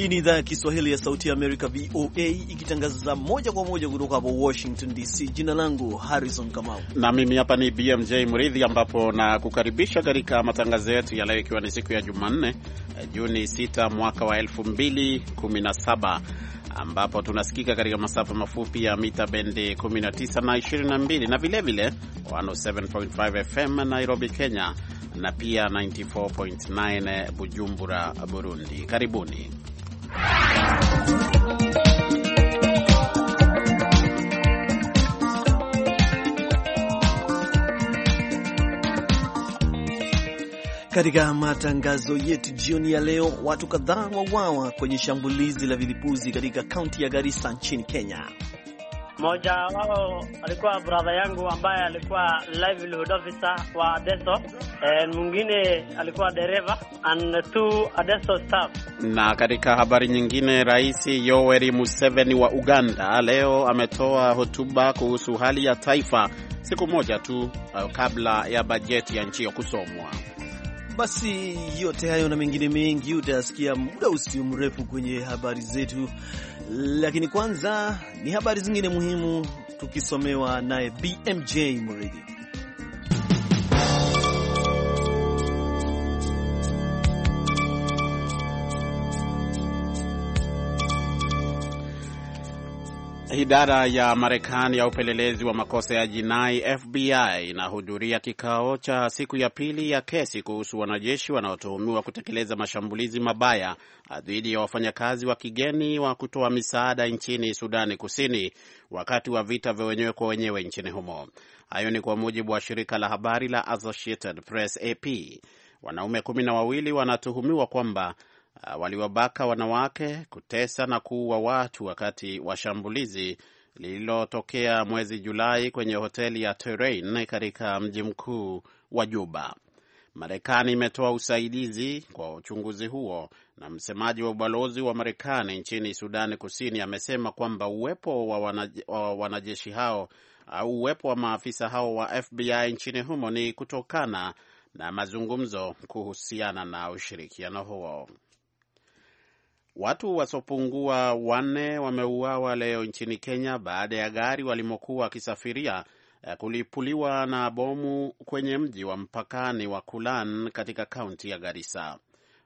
Hii ni idhaa ya Kiswahili ya Sauti ya Amerika, VOA, ikitangaza moja kwa moja kutoka hapo Washington DC. Jina langu Harrison Kamau na mimi hapa ni BMJ Mridhi, ambapo na kukaribisha katika matangazo yetu ya leo, ikiwa ni siku ya Jumanne, eh, Juni 6 mwaka wa 2017 ambapo tunasikika katika masafa mafupi ya mita bendi 19 na 22 na vilevile 107.5 FM Nairobi, Kenya na pia 94.9 Bujumbura, Burundi. Karibuni. Katika matangazo yetu jioni ya leo, watu kadhaa wauawa kwenye shambulizi la vilipuzi katika kaunti ya Garissa nchini Kenya. Mmoja wao alikuwa bradha yangu ambaye alikuwa livelihood officer wa Deso Eh, mwingine alikuwa dereva and two adesso staff. Na katika habari nyingine, Rais Yoweri Museveni wa Uganda leo ametoa hotuba kuhusu hali ya taifa siku moja tu eh, kabla ya bajeti ya nchi hiyo kusomwa. Basi yote hayo na mengine mengi utayasikia muda usio mrefu kwenye habari zetu, lakini kwanza ni habari zingine muhimu tukisomewa naye BMJ Mridhi. Idara ya Marekani ya upelelezi wa makosa ya jinai FBI inahudhuria kikao cha siku ya pili ya kesi kuhusu wanajeshi wanaotuhumiwa kutekeleza mashambulizi mabaya ah, dhidi ya wafanyakazi wa kigeni wa kutoa misaada nchini Sudani Kusini wakati wa vita vya wenyewe kwa wenyewe nchini humo. Hayo ni kwa mujibu wa shirika la habari la Associated Press AP. Wanaume kumi na wawili wanatuhumiwa kwamba Ah, waliwabaka wanawake, kutesa na kuua watu wakati wa shambulizi lililotokea mwezi Julai kwenye hoteli ya Terrain katika mji mkuu wa Juba. Marekani imetoa usaidizi kwa uchunguzi huo, na msemaji wa ubalozi wa Marekani nchini Sudani Kusini amesema kwamba uwepo wa, wanaj wa wanajeshi hao au uwepo wa maafisa hao wa FBI nchini humo ni kutokana na mazungumzo kuhusiana na ushirikiano huo. Watu wasiopungua wanne wameuawa leo nchini Kenya baada ya gari walimokuwa wakisafiria eh, kulipuliwa na bomu kwenye mji wa mpakani wa Kulan katika kaunti ya Garissa.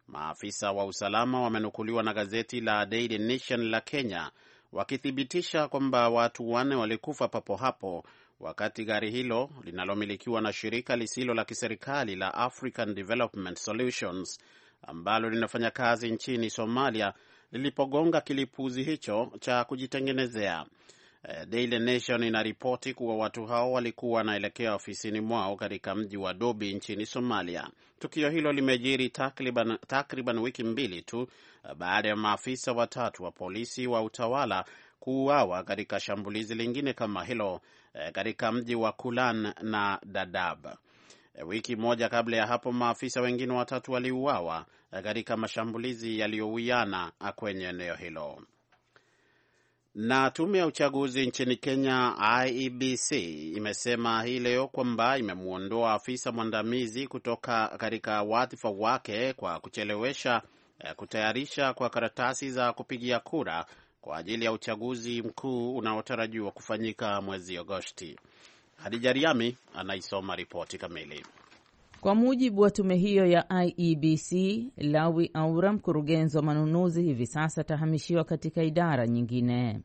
Maafisa wa usalama wamenukuliwa na gazeti la Daily Nation la Kenya wakithibitisha kwamba watu wanne walikufa papo hapo wakati gari hilo linalomilikiwa na shirika lisilo la kiserikali la African Development Solutions ambalo linafanya kazi nchini Somalia lilipogonga kilipuzi hicho cha kujitengenezea. Eh, Daily Nation inaripoti kuwa watu hao walikuwa wanaelekea ofisini mwao katika mji wa Dobi nchini Somalia. Tukio hilo limejiri takriban, takriban wiki mbili tu eh, baada ya maafisa watatu wa polisi wa utawala kuuawa katika shambulizi lingine kama hilo eh, katika mji wa Kulan na Dadab. Wiki moja kabla ya hapo, maafisa wengine watatu waliuawa katika mashambulizi yaliyowiana kwenye eneo hilo. Na tume ya uchaguzi nchini Kenya, IEBC, imesema hii leo kwamba imemwondoa afisa mwandamizi kutoka katika wadhifa wake kwa kuchelewesha eh, kutayarisha kwa karatasi za kupigia kura kwa ajili ya uchaguzi mkuu unaotarajiwa kufanyika mwezi Agosti. Hadija Riami anaisoma ripoti kamili. Kwa mujibu wa tume hiyo ya IEBC, Lawi Aura, mkurugenzi wa manunuzi, hivi sasa atahamishiwa katika idara nyingine.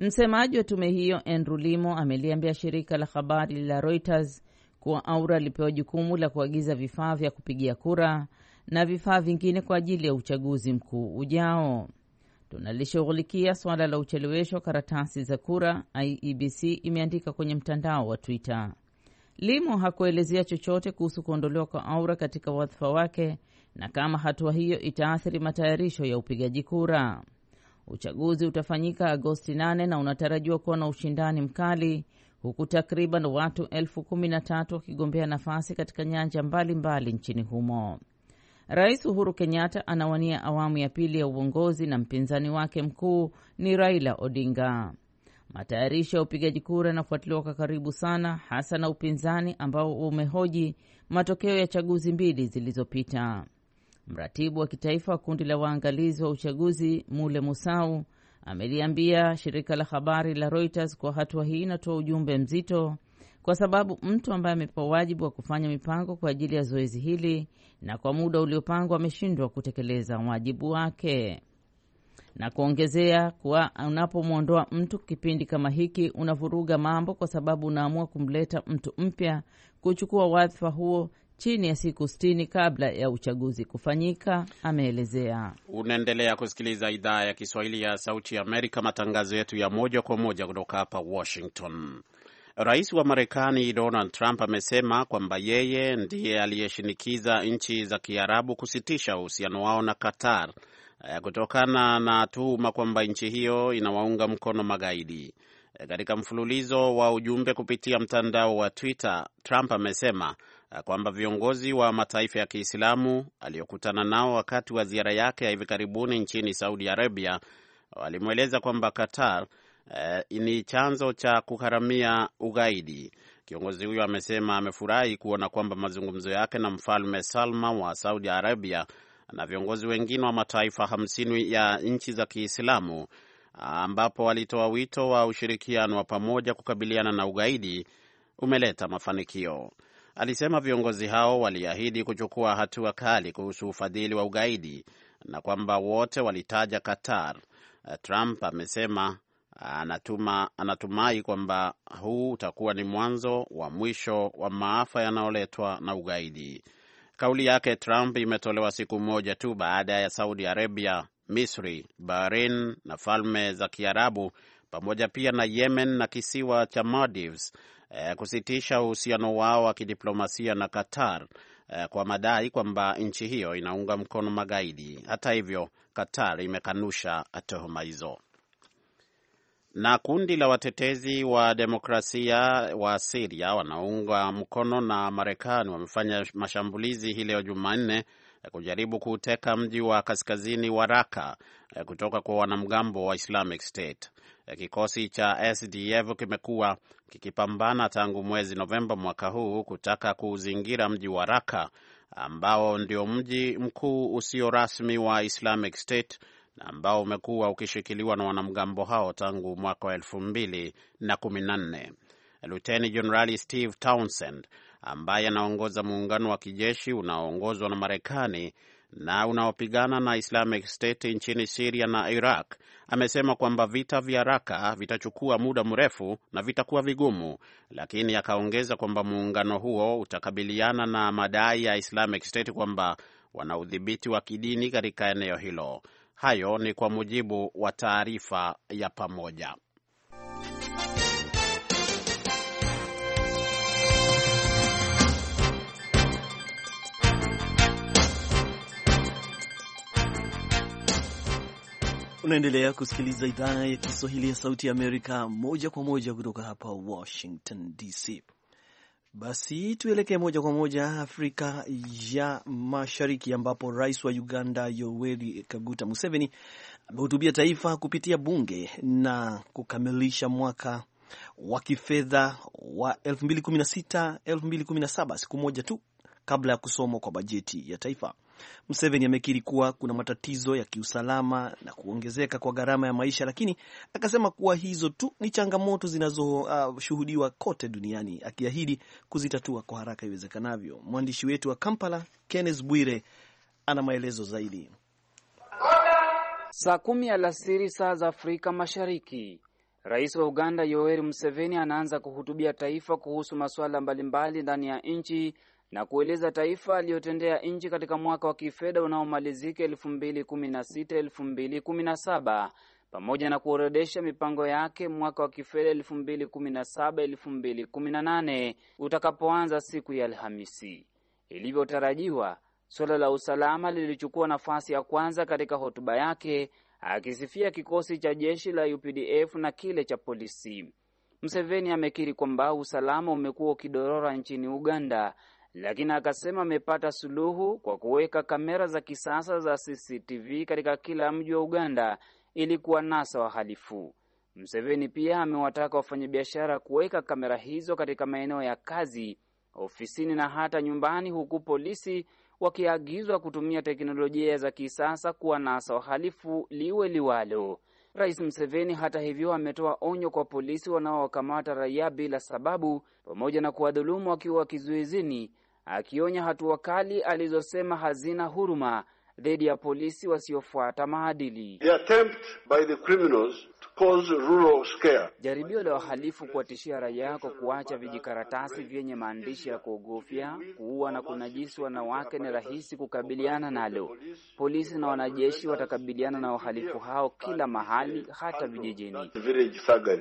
Msemaji wa tume hiyo Andrew Limo ameliambia shirika la habari la Reuters kuwa Aura alipewa jukumu la kuagiza vifaa vya kupigia kura na vifaa vingine kwa ajili ya uchaguzi mkuu ujao tunalishughulikia suala la uchelewesho wa karatasi za kura, IEBC imeandika kwenye mtandao wa Twitter. Limo hakuelezea chochote kuhusu kuondolewa kwa Aura katika wadhifa wake na kama hatua hiyo itaathiri matayarisho ya upigaji kura. Uchaguzi utafanyika Agosti 8 na unatarajiwa kuwa na ushindani mkali huku takriban watu elfu kumi na tatu wakigombea nafasi katika nyanja mbalimbali mbali nchini humo. Rais Uhuru Kenyatta anawania awamu ya pili ya uongozi na mpinzani wake mkuu ni Raila Odinga. Matayarisho ya upigaji kura yanafuatiliwa kwa karibu sana, hasa na upinzani ambao umehoji matokeo ya chaguzi mbili zilizopita. Mratibu wa kitaifa wa kundi la waangalizi wa uchaguzi Mule Musau ameliambia shirika la habari la Reuters kwa hatua hii inatoa ujumbe mzito kwa sababu mtu ambaye amepewa wajibu wa kufanya mipango kwa ajili ya zoezi hili na kwa muda uliopangwa ameshindwa kutekeleza wajibu wake, na kuongezea kuwa unapomwondoa mtu kipindi kama hiki unavuruga mambo, kwa sababu unaamua kumleta mtu mpya kuchukua wadhifa huo chini ya siku sitini kabla ya uchaguzi kufanyika, ameelezea. Unaendelea kusikiliza idhaa ya Kiswahili ya Sauti ya Amerika, matangazo yetu ya moja kwa moja kutoka hapa Washington. Rais wa Marekani Donald Trump amesema kwamba yeye ndiye aliyeshinikiza nchi za Kiarabu kusitisha uhusiano wao na Qatar eh, kutokana na tuhuma kwamba nchi hiyo inawaunga mkono magaidi. Eh, katika mfululizo wa ujumbe kupitia mtandao wa Twitter, Trump amesema eh, kwamba viongozi wa mataifa ya Kiislamu aliyokutana nao wakati wa ziara yake ya hivi karibuni nchini Saudi Arabia walimweleza kwamba Qatar eh, ni chanzo cha kugharamia ugaidi. Kiongozi huyo amesema amefurahi kuona kwamba mazungumzo yake na mfalme Salma wa Saudi Arabia na viongozi wengine wa mataifa hamsini ya nchi za Kiislamu ambapo walitoa wito wa ushirikiano wa pamoja kukabiliana na ugaidi umeleta mafanikio. Alisema viongozi hao waliahidi kuchukua hatua kali kuhusu ufadhili wa ugaidi na kwamba wote walitaja Qatar. Eh, Trump amesema anatuma, anatumai kwamba huu utakuwa ni mwanzo wa mwisho wa maafa yanayoletwa na ugaidi. Kauli yake Trump imetolewa siku moja tu baada ya Saudi Arabia, Misri, Bahrain na Falme za Kiarabu pamoja pia na Yemen na kisiwa cha Maldives eh, kusitisha uhusiano wao wa kidiplomasia na Qatar eh, kwa madai kwamba nchi hiyo inaunga mkono magaidi. Hata hivyo, Qatar imekanusha tuhuma hizo. Na kundi la watetezi wa demokrasia wa Siria wanaunga mkono na Marekani wamefanya mashambulizi hii leo Jumanne kujaribu kuuteka mji wa kaskazini wa Raka eh, kutoka kwa wanamgambo wa Islamic State. Eh, kikosi cha SDF kimekuwa kikipambana tangu mwezi Novemba mwaka huu kutaka kuuzingira mji wa Raka ambao ndio mji mkuu usio rasmi wa Islamic State na ambao umekuwa ukishikiliwa na wanamgambo hao tangu mwaka wa elfu mbili na kumi na nne. Luteni Jenerali Steve Townsend ambaye anaongoza muungano wa kijeshi unaoongozwa na Marekani na unaopigana na Islamic State nchini Siria na Iraq amesema kwamba vita vya Raka vitachukua muda mrefu na vitakuwa vigumu, lakini akaongeza kwamba muungano huo utakabiliana na madai ya Islamic State kwamba wana udhibiti wa kidini katika eneo hilo. Hayo ni kwa mujibu wa taarifa ya pamoja. Unaendelea kusikiliza idhaa ya Kiswahili ya Sauti ya Amerika moja kwa moja kutoka hapa Washington DC. Basi tuelekee moja kwa moja Afrika ya Mashariki, ambapo rais wa Uganda Yoweri Kaguta Museveni amehutubia taifa kupitia bunge na kukamilisha mwaka wa kifedha wa 2016 2017 siku moja tu kabla ya kusomwa kwa bajeti ya taifa. Museveni amekiri kuwa kuna matatizo ya kiusalama na kuongezeka kwa gharama ya maisha, lakini akasema kuwa hizo tu ni changamoto zinazoshuhudiwa uh, kote duniani, akiahidi kuzitatua kwa haraka iwezekanavyo. Mwandishi wetu wa Kampala Kenneth Bwire ana maelezo zaidi. Saa kumi alasiri saa za Afrika Mashariki, Rais wa Uganda Yoweri Museveni anaanza kuhutubia taifa kuhusu masuala mbalimbali ndani ya nchi na kueleza taifa aliyotendea nchi katika mwaka wa kifedha unaomalizika 2016 2017 pamoja na kuorodesha mipango yake mwaka wa kifedha 2017 2018 utakapoanza siku ya Alhamisi. Ilivyotarajiwa, suala la usalama lilichukua nafasi ya kwanza katika hotuba yake, akisifia kikosi cha jeshi la UPDF na kile cha polisi. Mseveni amekiri kwamba usalama umekuwa ukidorora nchini Uganda lakini akasema amepata suluhu kwa kuweka kamera za kisasa za CCTV katika kila mji wa Uganda ili kuwanasa wahalifu. Mseveni pia amewataka wafanyabiashara kuweka kamera hizo katika maeneo ya kazi, ofisini na hata nyumbani, huku polisi wakiagizwa kutumia teknolojia za kisasa kuwanasa wahalifu liwe liwalo. Rais Mseveni hata hivyo ametoa onyo kwa polisi wanaowakamata raia bila sababu pamoja na kuwadhulumu wakiwa kizuizini, akionya hatua kali alizosema hazina huruma dhidi ya polisi wasiofuata maadili. Jaribio la wahalifu kuwatishia raia kwa kuacha vijikaratasi vyenye maandishi ya kuogofya, kuua na kunajisi wanawake ni rahisi kukabiliana nalo. Polisi na wanajeshi watakabiliana na wahalifu hao kila mahali, hata vijijini.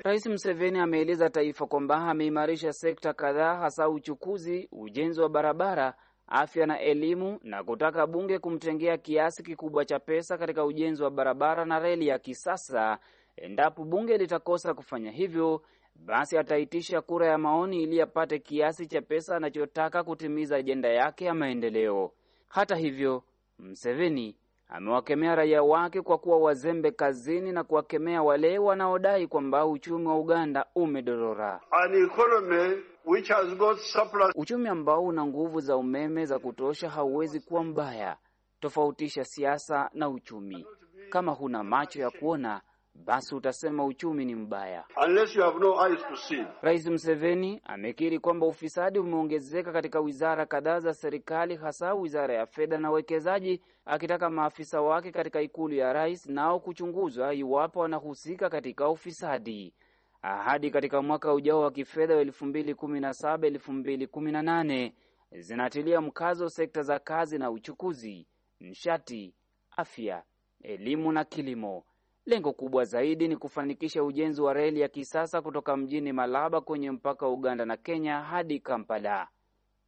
Rais Museveni ameeleza taifa kwamba ameimarisha sekta kadhaa, hasa uchukuzi, ujenzi wa barabara afya na elimu na kutaka bunge kumtengea kiasi kikubwa cha pesa katika ujenzi wa barabara na reli ya kisasa. Endapo bunge litakosa kufanya hivyo, basi ataitisha kura ya maoni ili apate kiasi cha pesa anachotaka kutimiza ajenda yake ya maendeleo. Hata hivyo, Mseveni amewakemea raia wake kwa kuwa wazembe kazini na kuwakemea wale wanaodai kwamba uchumi wa Uganda umedorora. An economy which has got surplus. Uchumi ambao una nguvu za umeme za kutosha hauwezi kuwa mbaya. Tofautisha siasa na uchumi. Kama huna macho ya kuona basi utasema uchumi ni mbaya. Unless you have no eyes to see. Rais Museveni amekiri kwamba ufisadi umeongezeka katika wizara kadhaa za serikali, hasa wizara ya fedha na uwekezaji, akitaka maafisa wake katika ikulu ya rais nao kuchunguzwa iwapo wanahusika katika ufisadi ahadi katika mwaka ujao wa kifedha wa 2017 2018 zinatilia mkazo sekta za kazi na uchukuzi, nishati, afya, elimu na kilimo. Lengo kubwa zaidi ni kufanikisha ujenzi wa reli ya kisasa kutoka mjini Malaba kwenye mpaka wa Uganda na Kenya hadi Kampala.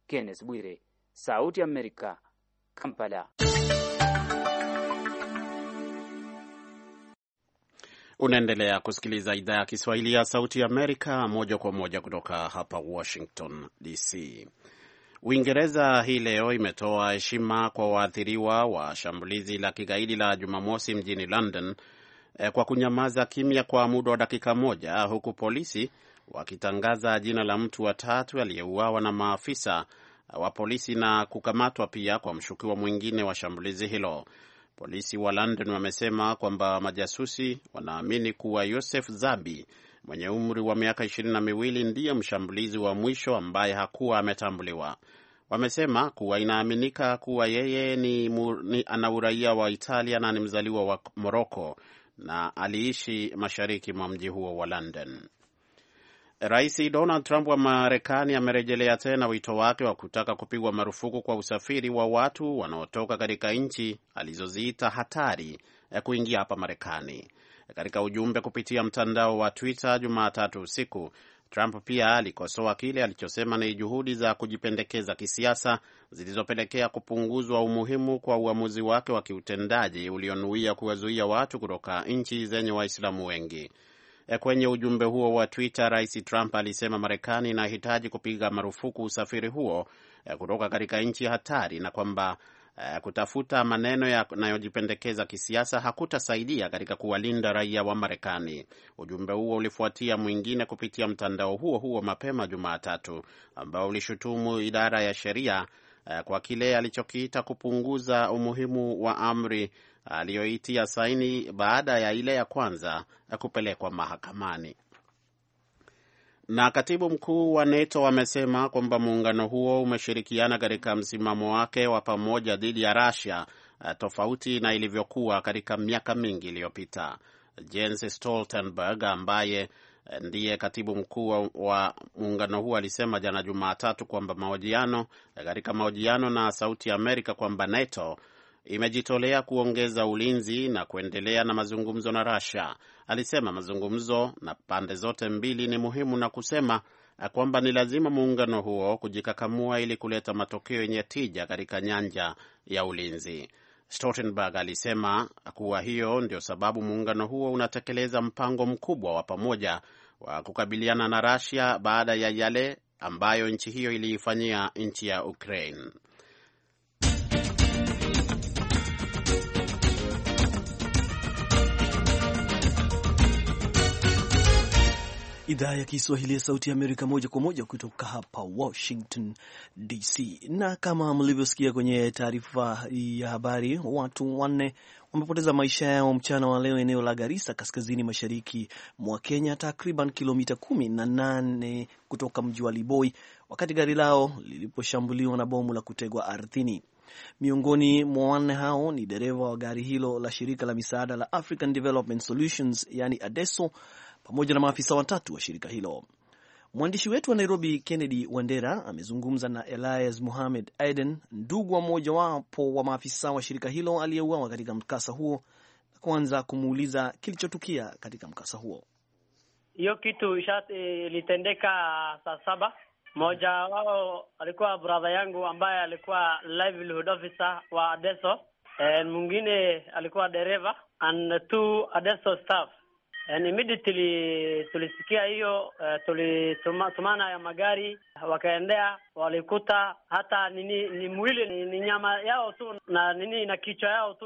Kenneth Bwire, Sauti ya Amerika, Kampala. Unaendelea kusikiliza idhaa ya Kiswahili ya Sauti ya Amerika moja kwa moja kutoka hapa Washington DC. Uingereza hii leo imetoa heshima kwa waathiriwa wa shambulizi la kigaidi la Jumamosi mjini London eh, kwa kunyamaza kimya kwa muda wa dakika moja, huku polisi wakitangaza jina la mtu watatu aliyeuawa na maafisa wa polisi na kukamatwa pia kwa mshukiwa mwingine wa shambulizi hilo. Polisi wa London wamesema kwamba majasusi wanaamini kuwa Yosef Zabi mwenye umri wa miaka ishirini na miwili ndiye mshambulizi wa mwisho ambaye hakuwa ametambuliwa. Wamesema kuwa inaaminika kuwa yeye ni, ni ana uraia wa Italia na ni mzaliwa wa Moroko na aliishi mashariki mwa mji huo wa London. Rais Donald Trump wa Marekani amerejelea tena wito wake wa kutaka kupigwa marufuku kwa usafiri wa watu wanaotoka katika nchi alizoziita hatari ya eh, kuingia hapa Marekani. Katika ujumbe kupitia mtandao wa Twitter Jumatatu usiku, Trump pia alikosoa kile alichosema ni juhudi za kujipendekeza kisiasa zilizopelekea kupunguzwa umuhimu kwa uamuzi wake wa kiutendaji ulionuia kuwazuia watu kutoka nchi zenye Waislamu wengi. Eh, kwenye ujumbe huo wa Twitter, Rais Trump alisema Marekani inahitaji kupiga marufuku usafiri huo eh, kutoka katika nchi hatari na kwamba eh, kutafuta maneno yanayojipendekeza kisiasa hakutasaidia katika kuwalinda raia wa Marekani. Ujumbe huo ulifuatia mwingine kupitia mtandao huo huo mapema Jumatatu, ambao ulishutumu idara ya sheria kwa kile alichokiita kupunguza umuhimu wa amri aliyoitia saini baada ya ile ya kwanza ya kupelekwa mahakamani. Na katibu mkuu wa NATO amesema kwamba muungano huo umeshirikiana katika msimamo wake wa pamoja dhidi ya Russia, eh, tofauti na ilivyokuwa katika miaka mingi iliyopita. Jens Stoltenberg ambaye eh, ndiye katibu mkuu wa muungano huo alisema jana Jumatatu kwamba mahojiano eh, katika mahojiano na Sauti ya Amerika kwamba NATO imejitolea kuongeza ulinzi na kuendelea na mazungumzo na Russia. Alisema mazungumzo na pande zote mbili ni muhimu na kusema kwamba ni lazima muungano huo kujikakamua ili kuleta matokeo yenye tija katika nyanja ya ulinzi. Stoltenberg alisema kuwa hiyo ndio sababu muungano huo unatekeleza mpango mkubwa wa pamoja wa kukabiliana na Russia baada ya yale ambayo nchi hiyo iliifanyia nchi ya Ukraine. idhaa ya Kiswahili ya Sauti ya Amerika moja kwa moja kutoka hapa Washington DC. Na kama mlivyosikia kwenye taarifa ya habari, watu wanne wamepoteza maisha yao mchana wa leo eneo la Garissa, kaskazini mashariki mwa Kenya, takriban kilomita kumi na nane kutoka mji wa Liboi, wakati gari lao liliposhambuliwa na bomu la kutegwa ardhini. Miongoni mwa wanne hao ni dereva wa gari hilo la shirika la misaada la African Development Solutions, yani ADESO, pamoja na maafisa watatu wa shirika hilo. Mwandishi wetu wa Nairobi, Kennedy Wandera, amezungumza na Elias Muhamed Aiden, ndugu wa mmojawapo wa maafisa wa shirika hilo aliyeuawa katika mkasa huo, na kwanza kumuuliza kilichotukia katika mkasa huo. Hiyo kitu eh, ilitendeka saa saba. Mmoja wao alikuwa bradha yangu ambaye alikuwa livelihood officer wa Adeso, eh, mwingine alikuwa dereva and two Adeso staff Eh, ni midi tuli- tulisikia hiyo uh, eh, tulitumana ya magari wakaendea, walikuta hata nini ni mwili ni, ni nyama yao tu na nini na kichwa yao tu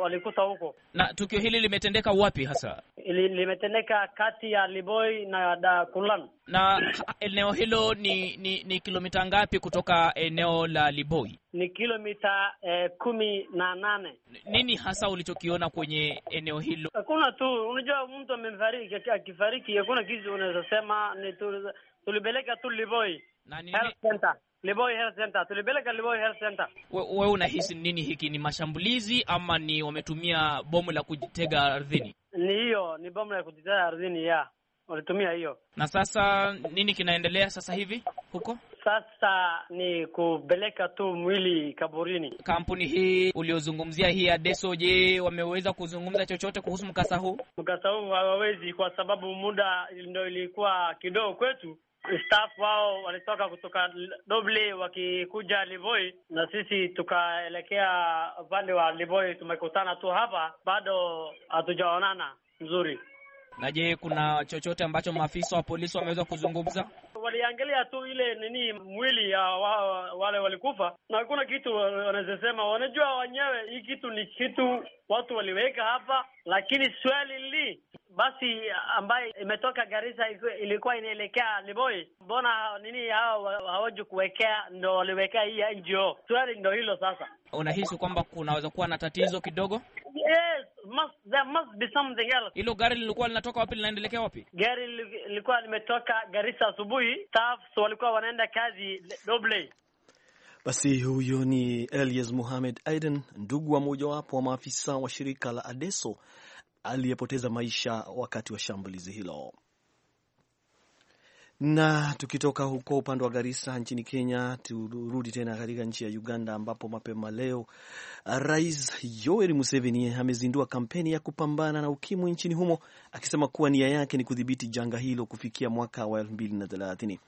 walikuta huko. Na tukio hili limetendeka wapi hasa? limetendeka kati ya Liboi na Dakulan na eneo hilo ni, ni, ni kilomita ngapi kutoka eneo la Liboi? Ni kilomita eh, kumi na nane. Nini hasa ulichokiona kwenye eneo hilo? Hakuna tu, unajua mtu amefariki, akifariki hakuna kitu unaweza sema. Ni tulipeleka tu Liboi Liboi Health Center. Tulipeleka Liboi Health Center. Wewe unahisi nini, hiki ni mashambulizi ama ni wametumia bomu la kujitega ardhini? Ni hiyo, ni bomu la kujitega ardhini ya walitumia hiyo. Na sasa nini kinaendelea sasa hivi huko? Sasa ni kupeleka tu mwili kaburini. Kampuni hii uliozungumzia hii ya Deso, je, wameweza kuzungumza chochote kuhusu mkasa huu? Mkasa huu hawawezi, kwa sababu muda ndio ilikuwa kidogo kwetu. Staff wao walitoka kutoka Doble wakikuja Livoi, na sisi tukaelekea upande wa Livoi. Tumekutana tu hapa, bado hatujaonana mzuri. Na je, kuna chochote ambacho maafisa wa polisi wameweza kuzungumza? Waliangalia tu ile nini mwili ya wa, wale walikufa, na hakuna kitu wanazosema. Wanajua wenyewe hii kitu ni kitu watu waliweka hapa, lakini swali li basi ambaye imetoka Garissa ilikuwa inaelekea Liboi, mbona nini hawa hawaji kuwekea, ndo waliwekea hii NGO? Swali ndo hilo sasa. Unahisi kwamba kunaweza kuwa na tatizo kidogo? Yes must, there must be something else. Hilo gari lilikuwa linatoka wapi linaendelekea wapi? Gari lilikuwa limetoka Garissa asubuhi, staff walikuwa wanaenda kazi Doble. Basi huyo ni Elias Mohamed Aiden, ndugu wa mojawapo wa maafisa wa shirika la Adeso aliyepoteza maisha wakati wa shambulizi hilo. Na tukitoka huko upande wa Garissa nchini Kenya, turudi tena katika nchi ya Uganda, ambapo mapema leo Rais Yoweri Museveni amezindua kampeni ya kupambana na ukimwi nchini humo, akisema kuwa nia yake ni kudhibiti janga hilo kufikia mwaka wa 2030.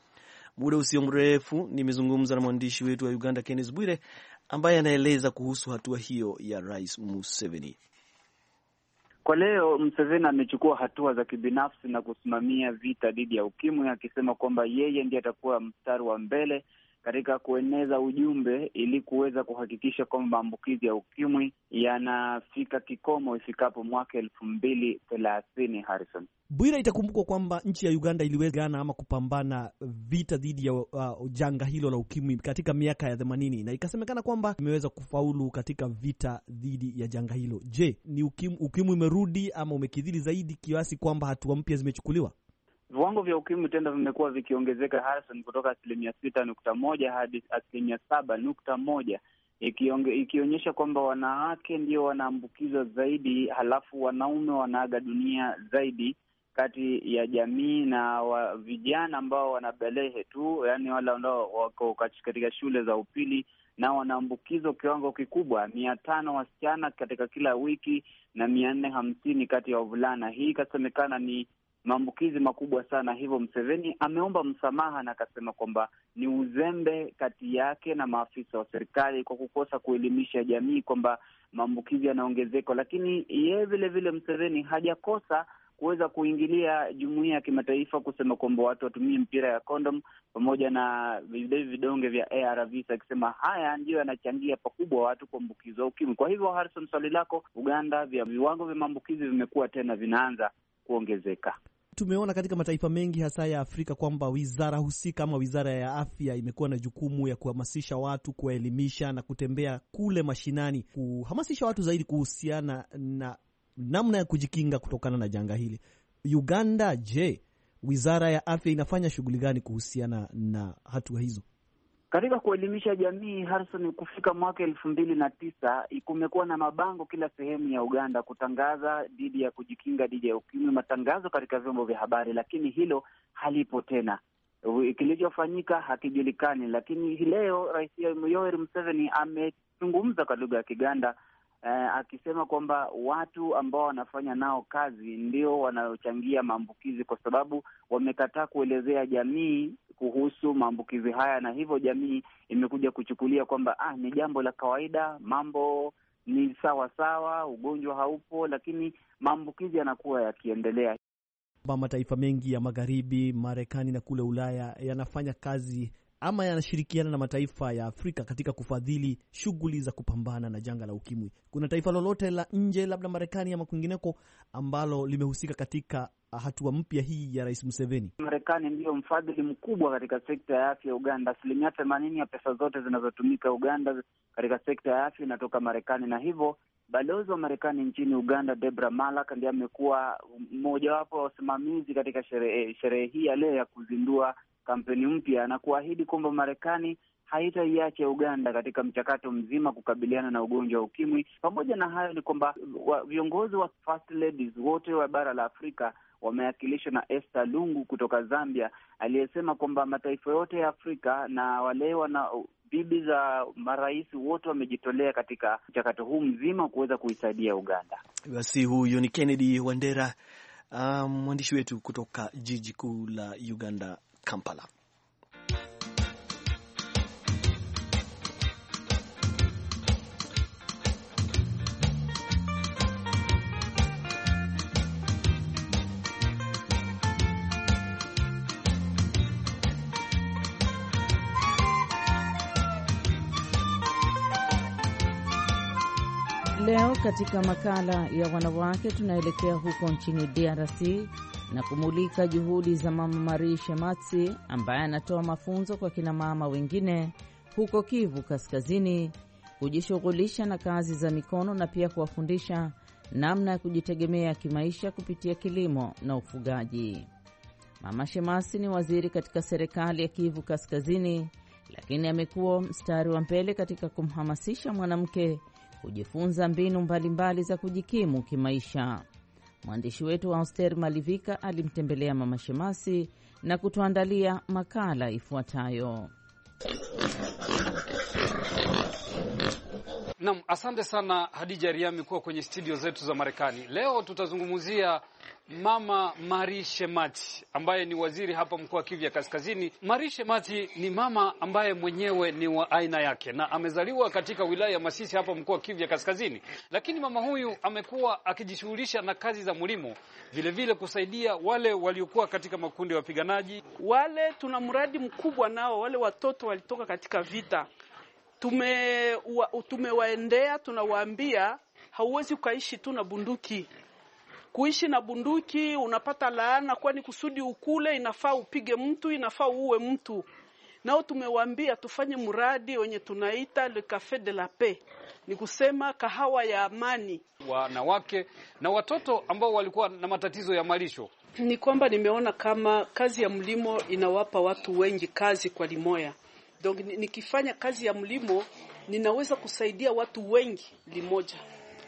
Muda usio mrefu nimezungumza na mwandishi wetu wa Uganda, Kennes Bwire, ambaye anaeleza kuhusu hatua hiyo ya Rais Museveni. Kwa leo Mseveni amechukua hatua za kibinafsi na kusimamia vita dhidi ya ukimwi, akisema kwamba yeye ndiye atakuwa mstari wa mbele katika kueneza ujumbe ili kuweza kuhakikisha kwamba maambukizi ya ukimwi yanafika kikomo ifikapo mwaka elfu mbili thelathini. Harrison Bwira, itakumbukwa kwamba nchi ya Uganda iliwezana ama kupambana vita dhidi ya uh, janga hilo la ukimwi katika miaka ya themanini na ikasemekana kwamba imeweza kufaulu katika vita dhidi ya janga hilo. Je, ni ukimwi umerudi ama umekidhili zaidi kiasi kwamba hatua mpya zimechukuliwa? Viwango vya ukimwi tena vimekuwa vikiongezeka Harrison, kutoka asilimia sita nukta moja hadi asilimia saba nukta moja ikionyesha kwamba wanawake ndio wanaambukizwa zaidi, halafu wanaume wanaaga dunia zaidi kati ya jamii na wa vijana ambao wanabelehe tu, yaani wale ambao wako katika shule za upili nao wanaambukizwa kiwango kikubwa, mia tano wasichana katika kila wiki na mia nne hamsini kati ya wavulana. Hii ikasemekana ni maambukizi makubwa sana. Hivyo Mseveni ameomba msamaha na akasema kwamba ni uzembe kati yake na maafisa wa serikali kwa kukosa kuelimisha jamii kwamba maambukizi yanaongezeka, lakini yeye vilevile Mseveni hajakosa kuweza kuingilia jumuiya ya kimataifa kusema kwamba watu watumie mpira ya kondom pamoja na vile vidonge vya ARVs, akisema haya ndiyo yanachangia pakubwa watu kuambukizwa ukimwi. Kwa hivyo, Harrison, swali lako, Uganda vya viwango vya maambukizi vimekuwa tena vinaanza kuongezeka. Tumeona katika mataifa mengi hasa ya Afrika kwamba wizara husika ama wizara ya afya imekuwa na jukumu ya kuhamasisha watu, kuwaelimisha na kutembea kule mashinani, kuhamasisha watu zaidi kuhusiana na namna ya kujikinga kutokana na janga hili. Uganda, je, wizara ya afya inafanya shughuli gani kuhusiana na hatua hizo? Katika kuelimisha jamii Harrison, kufika mwaka elfu mbili na tisa kumekuwa na mabango kila sehemu ya Uganda kutangaza dhidi ya kujikinga dhidi ya ukimwi, matangazo katika vyombo vya habari, lakini hilo halipo tena. Kilichofanyika hakijulikani, lakini leo Rais Yoweri Museveni amezungumza kwa lugha ya Kiganda eh, akisema kwamba watu ambao wanafanya nao kazi ndio wanaochangia maambukizi, kwa sababu wamekataa kuelezea jamii kuhusu maambukizi haya, na hivyo jamii imekuja kuchukulia kwamba ah, ni jambo la kawaida, mambo ni sawa sawa, ugonjwa haupo, lakini maambukizi yanakuwa yakiendelea. Mataifa mengi ya magharibi, Marekani na kule Ulaya yanafanya kazi ama yanashirikiana na mataifa ya Afrika katika kufadhili shughuli za kupambana na janga la ukimwi? Kuna taifa lolote la nje, labda Marekani ama kwingineko, ambalo limehusika katika hatua mpya hii ya Rais Museveni? Marekani ndiyo mfadhili mkubwa katika sekta ya afya ya Uganda. Asilimia themanini ya pesa zote zinazotumika Uganda katika sekta ya afya inatoka Marekani, na hivyo balozi wa Marekani nchini Uganda Debra Malak ndiye amekuwa mmojawapo wa wasimamizi katika sherehe hii ya leo ya kuzindua kampeni mpya na kuahidi kwamba Marekani haitaiacha Uganda katika mchakato mzima kukabiliana na ugonjwa wa ukimwi. Pamoja na hayo ni kwamba viongozi wa first ladies wote wa bara la Afrika wameakilishwa na Esther Lungu kutoka Zambia, aliyesema kwamba mataifa yote ya Afrika na wale wana bibi za marais wote wamejitolea katika mchakato huu mzima kuweza kuisaidia Uganda. Basi huyo ni Kennedy Wandera, um, mwandishi um, wetu kutoka jiji kuu la Uganda, Kampala. Leo katika makala ya wanawake tunaelekea huko nchini DRC na kumulika juhudi za Mama Marie Shematsi ambaye anatoa mafunzo kwa kinamama wengine huko Kivu Kaskazini kujishughulisha na kazi za mikono na pia kuwafundisha namna ya kujitegemea kimaisha kupitia kilimo na ufugaji. Mama Shemasi ni waziri katika serikali ya Kivu Kaskazini, lakini amekuwa mstari wa mbele katika kumhamasisha mwanamke kujifunza mbinu mbalimbali mbali za kujikimu kimaisha. Mwandishi wetu Auster Malivika alimtembelea Mama Shemasi na kutuandalia makala ifuatayo. nam asante sana Hadija Riami kuwa kwenye studio zetu za Marekani. Leo tutazungumzia Mama Marishe Mati ambaye ni waziri hapa mkoa wa Kivu ya Kaskazini. Marishe Mati ni mama ambaye mwenyewe ni wa aina yake na amezaliwa katika wilaya ya Masisi hapa mkoa wa Kivu ya Kaskazini, lakini mama huyu amekuwa akijishughulisha na kazi za mlimo, vilevile kusaidia wale waliokuwa katika makundi ya wapiganaji wale. Tuna mradi mkubwa nao, wale watoto walitoka katika vita, tumewaendea, tunawaambia hauwezi ukaishi tu na bunduki Kuishi na bunduki unapata laana, kwani kusudi ukule inafaa upige mtu, inafaa uue mtu. Nao tumewaambia tufanye mradi wenye tunaita le cafe de la paix, ni kusema kahawa ya amani. Wanawake na watoto ambao walikuwa na matatizo ya malisho, ni kwamba nimeona kama kazi ya mlimo inawapa watu wengi kazi kwa limoya. Donc nikifanya kazi ya mlimo ninaweza kusaidia watu wengi limoja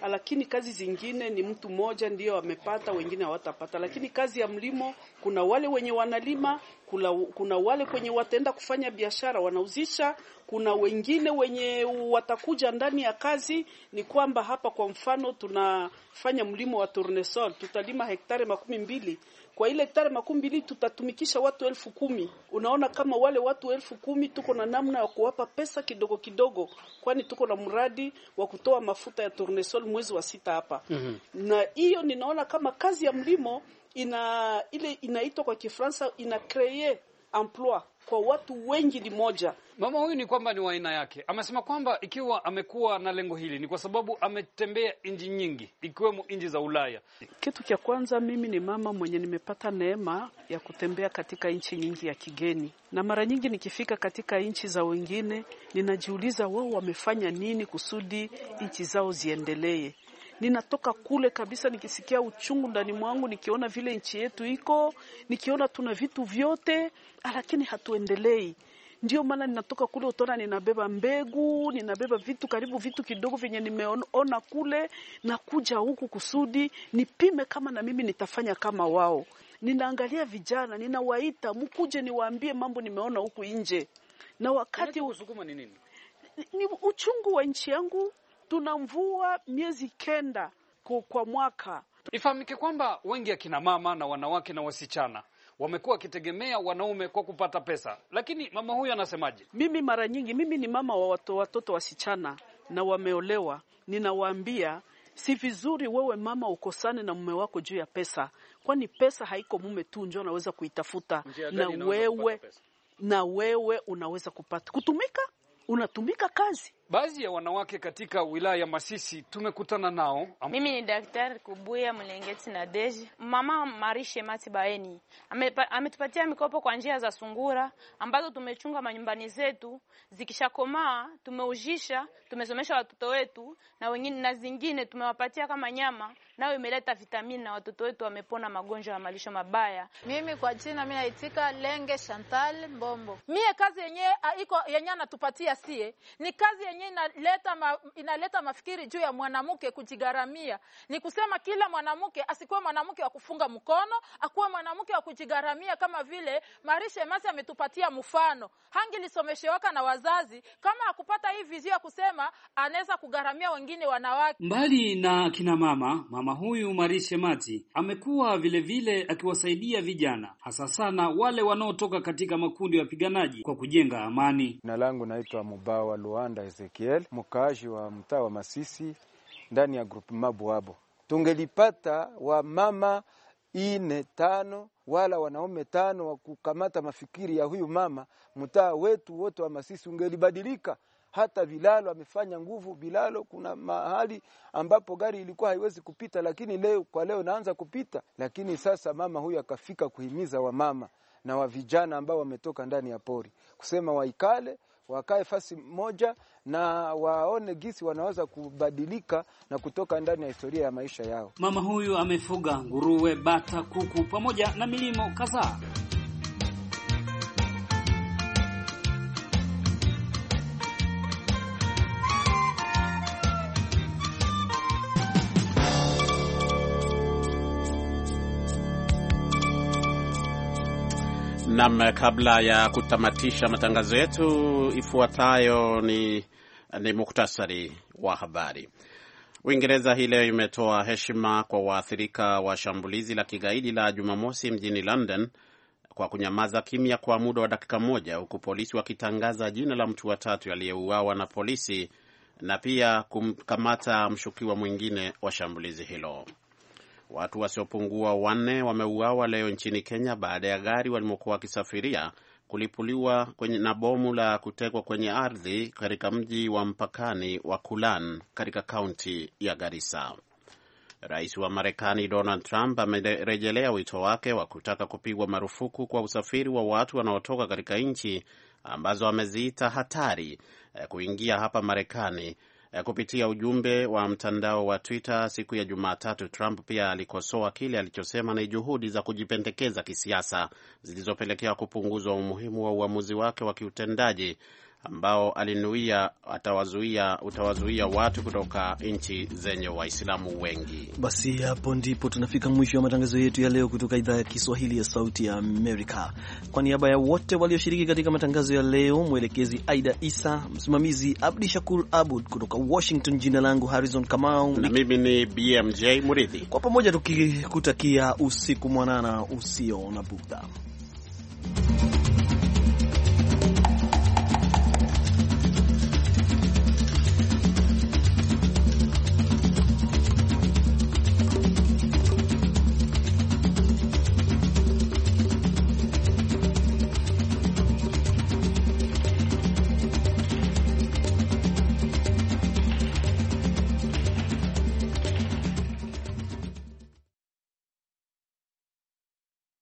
lakini kazi zingine ni mtu mmoja ndiyo amepata, wengine hawatapata. Lakini kazi ya mlimo kuna wale wenye wanalima, kuna, kuna wale kwenye wataenda kufanya biashara wanauzisha, kuna wengine wenye watakuja ndani ya kazi. Ni kwamba hapa kwa mfano tunafanya mlimo wa tournesol, tutalima hektari makumi mbili kwa ile hektari makumi mbili tutatumikisha watu elfu kumi. Unaona, kama wale watu elfu kumi tuko na namna ya kuwapa pesa kidogo kidogo, kwani tuko na mradi wa kutoa mafuta ya tournesol mwezi wa sita hapa mm -hmm. na hiyo ninaona kama kazi ya mlimo ina ile inaitwa kwa Kifaransa ina cree emploi kwa watu wengi ni moja. Mama huyu ni kwamba ni wa aina yake. Amesema kwamba ikiwa amekuwa na lengo hili ni kwa sababu ametembea nchi nyingi ikiwemo nchi za Ulaya. Kitu cha kwanza, mimi ni mama mwenye nimepata neema ya kutembea katika nchi nyingi ya kigeni, na mara nyingi nikifika katika nchi za wengine ninajiuliza wao wamefanya nini kusudi nchi zao ziendelee ninatoka kule kabisa nikisikia uchungu ndani mwangu, nikiona vile nchi yetu iko, nikiona tuna vitu vyote ah, lakini hatuendelei. Ndio maana ninatoka kule, utaona ninabeba mbegu, ninabeba vitu karibu vitu kidogo vyenye nimeona kule, nakuja huku kusudi nipime kama na mimi nitafanya kama wao. Ninaangalia vijana, ninawaita mkuje, niwaambie mambo nimeona huku nje, na wakati yaani u... ni uchungu wa nchi yangu tuna mvua miezi kenda kwa mwaka. Ifahamike kwamba wengi akina mama na wanawake na wasichana wamekuwa wakitegemea wanaume kwa kupata pesa, lakini mama huyu anasemaje? Mimi mara nyingi, mimi ni mama wa watoto, watoto wasichana na wameolewa, ninawaambia si vizuri wewe mama ukosane na mume wako juu ya pesa, kwani pesa haiko mume tu ndio anaweza kuitafuta, na wewe na wewe unaweza kupata kutumika, unatumika kazi Baadhi ya wanawake katika wilaya ya Masisi tumekutana nao. Mimi ni Daktari Kubuya Mlengeti na Deji. Mama Marishe Matibaeni ametupatia ame mikopo kwa njia za sungura ambazo tumechunga manyumbani zetu, zikishakomaa tumeujisha, tumesomesha watoto wetu na wengine, na zingine tumewapatia kama nyama, nayo imeleta vitamini na watoto wetu wamepona magonjwa ya malisho mabaya. Mimi kwa jina mimi naitika Lenge Chantal Mbombo. Mie kazi yenyewe ah, iko yenyewe anatupatia sie ni kazi yenyewe inaleta ma, inaleta mafikiri juu ya mwanamke kujigaramia ni kusema kila mwanamke asikuwe mwanamke wa kufunga mkono akuwe mwanamke wa kujigaramia kama vile Marisha Masi ametupatia mfano hangilisomeshewaka na wazazi kama akupata hii vizio ya kusema anaweza kugaramia wengine wanawake mbali na kina mama mama huyu Marisha shemati amekuwa vile vile akiwasaidia vijana hasa sana wale wanaotoka katika makundi ya wapiganaji kwa kujenga amani jina langu naitwa Mubawa Luanda Eze. Ezekiel, mkaaji wa mtaa wa Masisi ndani ya grupu Mabuabo. Tungelipata wamama ine tano wala wanaume tano wa kukamata mafikiri ya huyu mama, mtaa wetu wote wa Masisi ungelibadilika. Hata vilalo amefanya nguvu vilalo. Kuna mahali ambapo gari ilikuwa haiwezi kupita, lakini leo kwa leo naanza kupita. Lakini sasa mama huyu akafika kuhimiza wamama na wavijana ambao wametoka ndani ya pori kusema waikale wakae fasi moja na waone gisi wanaweza kubadilika na kutoka ndani ya historia ya maisha yao. Mama huyu amefuga nguruwe, bata, kuku pamoja na milimo kadhaa. Nam, kabla ya kutamatisha matangazo yetu, ifuatayo ni, ni muktasari wa habari. Uingereza hii leo imetoa heshima kwa waathirika wa shambulizi la kigaidi la Jumamosi mjini London kwa kunyamaza kimya kwa muda wa dakika moja, huku polisi wakitangaza jina la mtu watatu aliyeuawa na polisi na pia kumkamata mshukiwa mwingine wa shambulizi hilo. Watu wasiopungua wanne wameuawa leo nchini Kenya baada ya gari walimokuwa wakisafiria kulipuliwa kwenye na bomu la kutekwa kwenye ardhi katika mji wa mpakani wa Kulan katika kaunti ya Garissa. Rais wa Marekani Donald Trump amerejelea wito wake wa kutaka kupigwa marufuku kwa usafiri wa watu wanaotoka katika nchi ambazo ameziita hatari eh, kuingia hapa Marekani Eh, kupitia ujumbe wa mtandao wa Twitter siku ya Jumatatu, Trump pia alikosoa kile alichosema ni juhudi za kujipendekeza kisiasa zilizopelekea kupunguzwa umuhimu wa uamuzi wake wa kiutendaji ambao alinuia atawazuia utawazuia watu kutoka nchi zenye Waislamu wengi. Basi hapo ndipo tunafika mwisho wa matangazo yetu ya leo kutoka idhaa ya Kiswahili ya Sauti ya Amerika. Kwa niaba ya wote walioshiriki katika matangazo ya leo, mwelekezi Aida Isa, msimamizi Abdi Shakur Abud kutoka Washington, jina langu Harrison Kamau na mimi ni BMJ Muridhi, kwa pamoja tukikutakia usiku mwanana usio na bughudha.